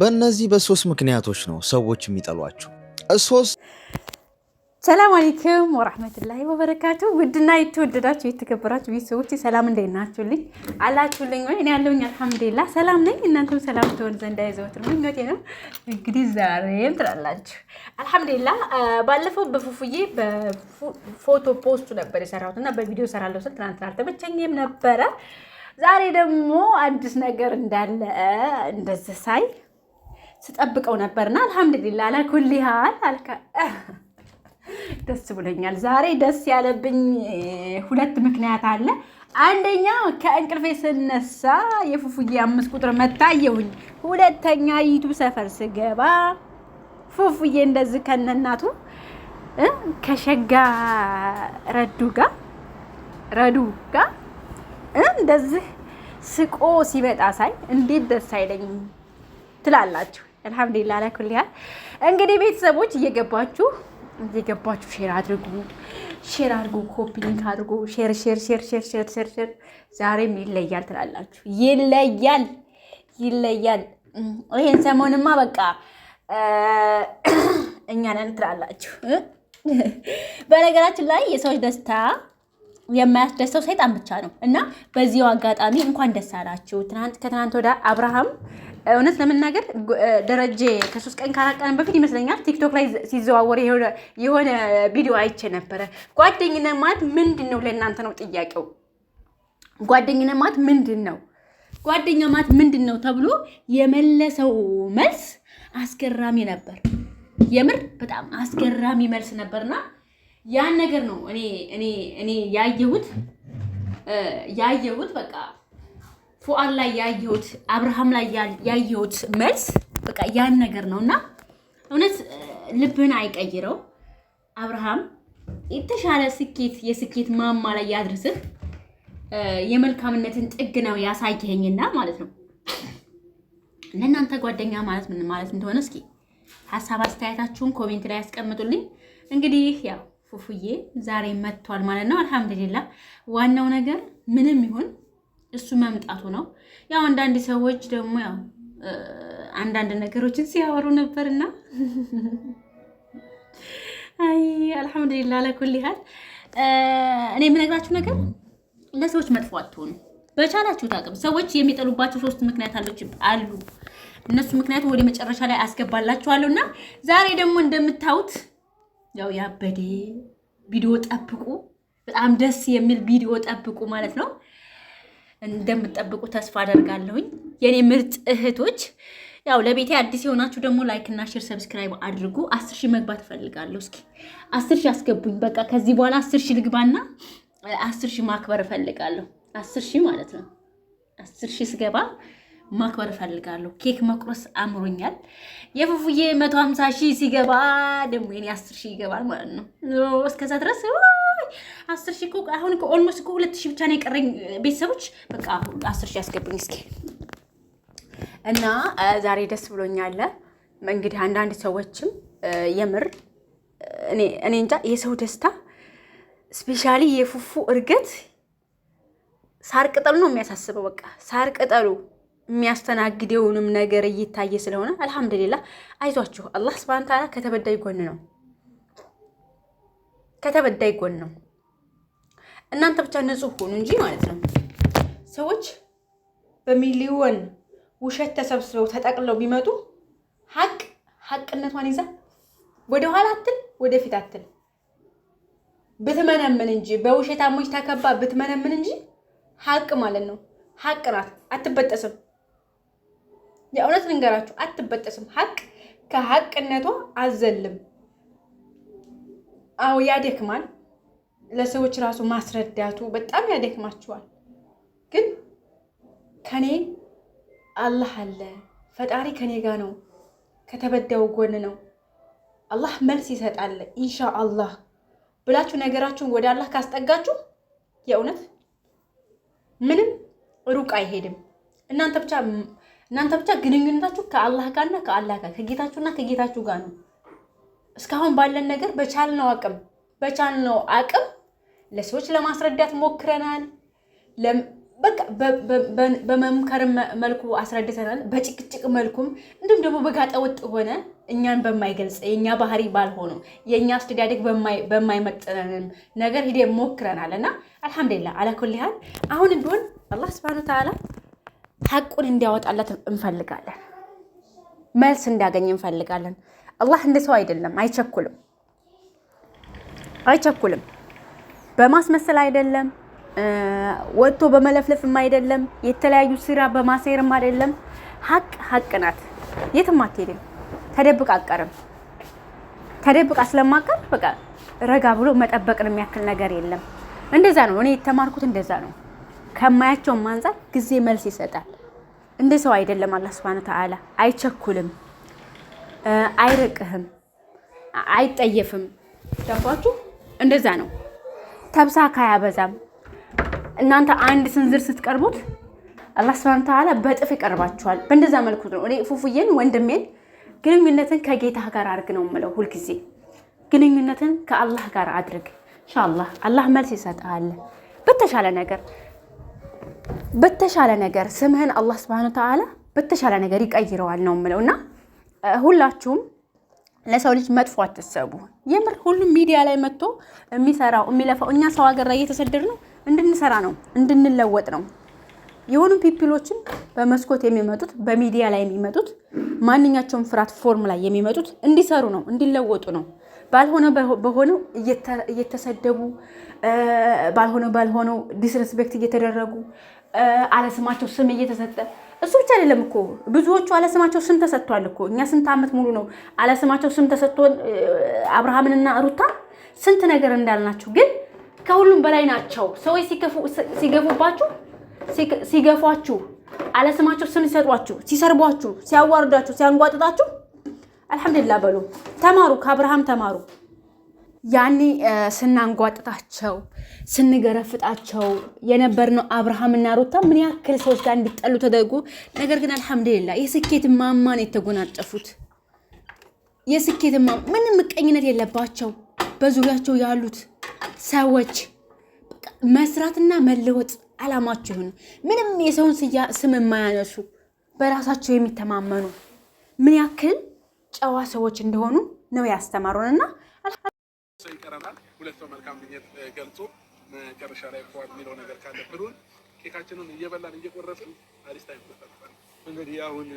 በእነዚህ በሶስት ምክንያቶች ነው ሰዎች የሚጠሏቸው። ሶስት ሰላም አለይኩም ወራህመቱላሂ ወበረካቱ። ውድና የተወደዳችሁ የተከበራችሁ ቤተሰቦች ሰላም እንዴት ናችሁልኝ? አላችሁልኝ ወይ? እኔ ያለሁኝ አልሐምዱሊላህ ሰላም ነኝ። እናንተም ሰላም ትሆን ዘንድ አይዘወትር ምኞቴ ነው። እንግዲህ ዛሬም ትላላችሁ አልሐምዱሊላህ። ባለፈው በፉፉዬ በፎቶ ፖስቱ ነበር የሰራሁት እና በቪዲዮ ሰራለሁ ስል ትናንትና አልተመቸኝም ነበረ። ዛሬ ደግሞ አዲስ ነገር እንዳለ እንደዚህ ሳይ ስጠብቀው ነበርና አልሐምዱሊላ አላኩል ያህል ደስ ብሎኛል። ዛሬ ደስ ያለብኝ ሁለት ምክንያት አለ። አንደኛ ከእንቅልፌ ስነሳ የፉፉዬ አምስት ቁጥር መታየሁኝ። ሁለተኛ ዩቱብ ሰፈር ስገባ ፉፉዬ እንደዚህ ከነናቱ ከሸጋ ረዱ ጋር ረዱ ጋር እንደዚህ ስቆ ሲመጣ ሳይ እንዴት ደስ አይለኝም ትላላችሁ? አልሐምዱሊላህ አላ እንግዲህ ቤተሰቦች እየገባችሁ እየገባችሁ ሼር አድርጉ፣ ሼር አድርጉ፣ ኮፒ ሊንክ አድርጉ። ሼር ሼር ሼር ሼር ሼር ሼር ሼር። ዛሬም ይለያል ትላላችሁ፣ ይለያል ይለያል። ይሄን ሰሞንማ በቃ እኛ ነን ትላላችሁ። በነገራችን ላይ የሰዎች ደስታ የማያስደስተው ሰይጣን ብቻ ነው እና በዚሁ አጋጣሚ እንኳን ደስ አላችሁ። ከትናንት ወደ አብርሃም እውነት ለመናገር ደረጀ ከሶስት ቀን ከአራት ቀን በፊት ይመስለኛል ቲክቶክ ላይ ሲዘዋወር የሆነ ቪዲዮ አይቼ ነበረ። ጓደኝነት ማለት ምንድን ነው? ለእናንተ ነው ጥያቄው። ጓደኝነት ማለት ምንድን ነው? ጓደኛ ማለት ምንድን ነው ተብሎ የመለሰው መልስ አስገራሚ ነበር። የምር በጣም አስገራሚ መልስ ነበርና ያን ነገር ነው እኔ እኔ እኔ ያየሁት ያየሁት በቃ ፉአል ላይ ያየሁት አብርሃም ላይ ያየሁት መልስ በቃ ያን ነገር ነው እና እውነት ልብን አይቀይረው። አብርሃም የተሻለ ስኬት የስኬት ማማ ላይ ያድርስህ። የመልካምነትን ጥግ ነው ያሳየኝና ማለት ነው። ለእናንተ ጓደኛ ማለት ምን ማለት እንደሆነ እስኪ ሀሳብ አስተያየታችሁን ኮሜንት ላይ ያስቀምጡልኝ። እንግዲህ ያው ፉፉዬ ዛሬ መጥቷል ማለት ነው። አልሐምዱሊላ ዋናው ነገር ምንም ይሁን እሱ መምጣቱ ነው። ያው አንዳንድ ሰዎች ደግሞ ያው አንዳንድ ነገሮችን ሲያወሩ ነበርና አይ አልሐምዱሊላ ለኩል ያህል እኔ የምነግራችሁ ነገር ለሰዎች መጥፎ አትሆኑ። በቻላችሁት አቅም ሰዎች የሚጠሉባቸው ሶስት ምክንያት አሉ እነሱ ምክንያቱ ወደ መጨረሻ ላይ አስገባላችኋለሁ እና ዛሬ ደግሞ እንደምታዩት ያው ያበዴ ቪዲዮ ጠብቁ። በጣም ደስ የሚል ቪዲዮ ጠብቁ ማለት ነው። እንደምትጠብቁ ተስፋ አደርጋለሁኝ። የእኔ ምርጥ እህቶች ያው ለቤቴ አዲስ የሆናችሁ ደግሞ ላይክ እና ሼር ሰብስክራይብ አድርጉ። አስር ሺህ መግባት እፈልጋለሁ። እስኪ አስር ሺህ አስገቡኝ። በቃ ከዚህ በኋላ አስር ሺህ ልግባና አስር ሺህ ማክበር እፈልጋለሁ። አስር ሺህ ማለት ነው። አስር ሺህ ስገባ ማክበር እፈልጋለሁ። ኬክ መቁረስ አምሮኛል። የፉፉዬ መቶ ሀምሳ ሺህ ሲገባ ደግሞ የኔ አስር ሺህ ይገባል ማለት ነው። እስከዛ ድረስ አስር ሺህ እኮ አሁን ኦልሞስት እኮ ሁለት ሺህ ብቻ ነው የቀረኝ። ቤተሰቦች በቃ አስር ሺህ ያስገብኝ እስኪ እና ዛሬ ደስ ብሎኛል። እንግዲህ አንዳንድ ሰዎችም የምር እኔ እንጃ የሰው ደስታ ስፔሻሊ የፉፉ እርገት ሳር ቅጠሉ ነው የሚያሳስበው። በቃ ሳር ቅጠሉ የሚያስተናግደውንም ነገር እየታየ ስለሆነ አልሐምዱሊላ። አይዟችሁ፣ አላህ ስብሃነ ተዓላ ከተበዳይ ጎን ነው። ከተበዳይ ጎን ነው። እናንተ ብቻ ንጹህ ሆኑ እንጂ ማለት ነው። ሰዎች በሚሊዮን ውሸት ተሰብስበው ተጠቅለው ቢመጡ ሀቅ ሀቅነቷን ይዛ ወደኋላ አትል ወደፊት አትል ብትመነምን እንጂ በውሸታሞች ተከባ ብትመነምን እንጂ ሀቅ ማለት ነው። ሀቅ ናት፣ አትበጠስም። የእውነት ልንገራችሁ አትበጠስም። ሀቅ ከሀቅነቷ አዘልም አዎ ያደክማል። ለሰዎች ራሱ ማስረዳቱ በጣም ያደክማቸዋል። ግን ከኔ አላህ አለ፣ ፈጣሪ ከኔ ጋር ነው፣ ከተበዳው ጎን ነው፣ አላህ መልስ ይሰጣል ኢንሻ አላህ ብላችሁ ነገራችሁን ወደ አላህ ካስጠጋችሁ የእውነት ምንም ሩቅ አይሄድም። እናንተ ብቻ እናንተ ብቻ ግንኙነታችሁ ከአላህ ጋርና ከአላህ ጋር ከጌታችሁና ከጌታችሁ ጋር ነው። እስካሁን ባለን ነገር በቻልነው አቅም በቻልነው አቅም ለሰዎች ለማስረዳት ሞክረናል። በቃ በመምከር መልኩ አስረድተናል። በጭቅጭቅ መልኩም እንዲሁም ደግሞ በጋጠ ሆነ እኛን በማይገልጽ የእኛ ባህሪ ባልሆኑ የእኛ አስተዳደግ በማይመጥነንም ነገር ሂደ ሞክረናል እና አልሐምዱሊላህ አላኩልሃል። አሁንም ቢሆን አላህ ስብሐነ ተዓላ ሀቁን እንዲያወጣላት እንፈልጋለን። መልስ እንዲያገኝ እንፈልጋለን። አላህ እንደ ሰው አይደለም፣ አይቸኩልም፣ አይቸኩልም። በማስመሰል አይደለም፣ ወጥቶ በመለፍለፍም አይደለም፣ የተለያዩ ስራ በማሴርም አይደለም። ሀቅ ሀቅ ናት። የትም አትሄድም። ተደብቅ አቀርም ተደብቃ ስለማቀር በቃ ረጋ ብሎ መጠበቅን የሚያክል ነገር የለም። እንደዛ ነው እኔ የተማርኩት፣ እንደዛ ነው ከማያቸውም አንጻር ጊዜ መልስ ይሰጣል። እንደ ሰው አይደለም። አላህ ሱብሃነሁ ወተዓላ አይቸኩልም። አይርቅህም፣ አይጠየፍም። ገባችሁ? እንደዛ ነው። ተብሳካ አያበዛም። እናንተ አንድ ስንዝር ስትቀርቡት አላህ ስብሐነ ተዓላ በጥፍ ይቀርባችኋል። በእንደዛ መልኩ ነው። እኔ ፉፉዬን ወንድሜን ግንኙነትን ከጌታ ጋር አድርግ ነው የምለው ሁልጊዜ። ግንኙነትን ከአላህ ጋር አድርግ ኢንሻአላህ። አላህ መልስ ይሰጥሃል በተሻለ ነገር በተሻለ ነገር ስምህን አላህ ስብሐነ ተዓላ በተሻለ ነገር ይቀይረዋል ነው የምለው እና ሁላችሁም ለሰው ልጅ መጥፎ አትሰቡ። የምር ሁሉም ሚዲያ ላይ መጥቶ የሚሰራው የሚለፋው እኛ ሰው ሀገር ላይ እየተሰደድ ነው እንድንሰራ ነው እንድንለወጥ ነው። የሆኑ ፒፕሎችን በመስኮት የሚመጡት በሚዲያ ላይ የሚመጡት ማንኛቸውም ፍራት ፎርም ላይ የሚመጡት እንዲሰሩ ነው እንዲለወጡ ነው። ባልሆነ በሆነው እየተሰደቡ ባልሆነ ባልሆነው ዲስሬስፔክት እየተደረጉ አለስማቸው ስም እየተሰጠ እሱ ብቻ አይደለም እኮ ብዙዎቹ አለስማቸው ስም ተሰጥቷል እኮ። እኛ ስንት ዓመት ሙሉ ነው አለስማቸው ስም ተሰጥቶን አብርሃምንና ሩታ ስንት ነገር እንዳልናቸው፣ ግን ከሁሉም በላይ ናቸው። ሰዎች ሲገፉባችሁ ሲገፏችሁ፣ አለስማቸው ስም ሲሰጧችሁ፣ ሲሰርቧችሁ፣ ሲያዋርዳችሁ፣ ሲያንጓጥጣችሁ አልሐምዱሊላህ በሉ። ተማሩ፣ ከአብርሃም ተማሩ። ያኔ ስናንጓጥጣቸው ስንገረፍጣቸው የነበርነው አብርሃምና ሩታ ምን ያክል ሰዎች ጋር እንዲጠሉ ተደርጎ፣ ነገር ግን አልሐምዱሊላ የስኬት ማማን የተጎናጠፉት የስኬት ማ ምንም ምቀኝነት የለባቸው። በዙሪያቸው ያሉት ሰዎች መስራትና መለወጥ አላማቸው ይሁን። ምንም የሰውን ስም የማያነሱ በራሳቸው የሚተማመኑ ምን ያክል ጨዋ ሰዎች እንደሆኑ ነው ያስተማሩንና ሰው ይቀረናል። ሁለት ሰው መልካም ምኞት ገልጾ መጨረሻ ላይ ፏ የሚለው ነገር ካለ ብሎን ኬካችንን እየበላን እየቆረጥን አዲስ ታይም ተጠርጠል። እንግዲህ አሁን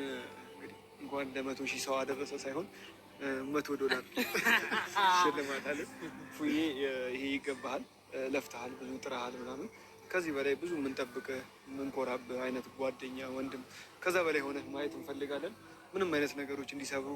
እንግዲህ እንኳን ለመቶ ሺህ ሰው አደረሰ ሳይሆን መቶ ዶላር ሽልማት አለ። ፉዬ ይሄ ይገባሃል፣ ለፍተሃል፣ ብዙ ጥረሃል ምናምን ከዚህ በላይ ብዙ የምንጠብቅህ የምንኮራብህ አይነት ጓደኛ ወንድም፣ ከዛ በላይ ሆነ ማየት እንፈልጋለን። ምንም አይነት ነገሮች እንዲሰብሩ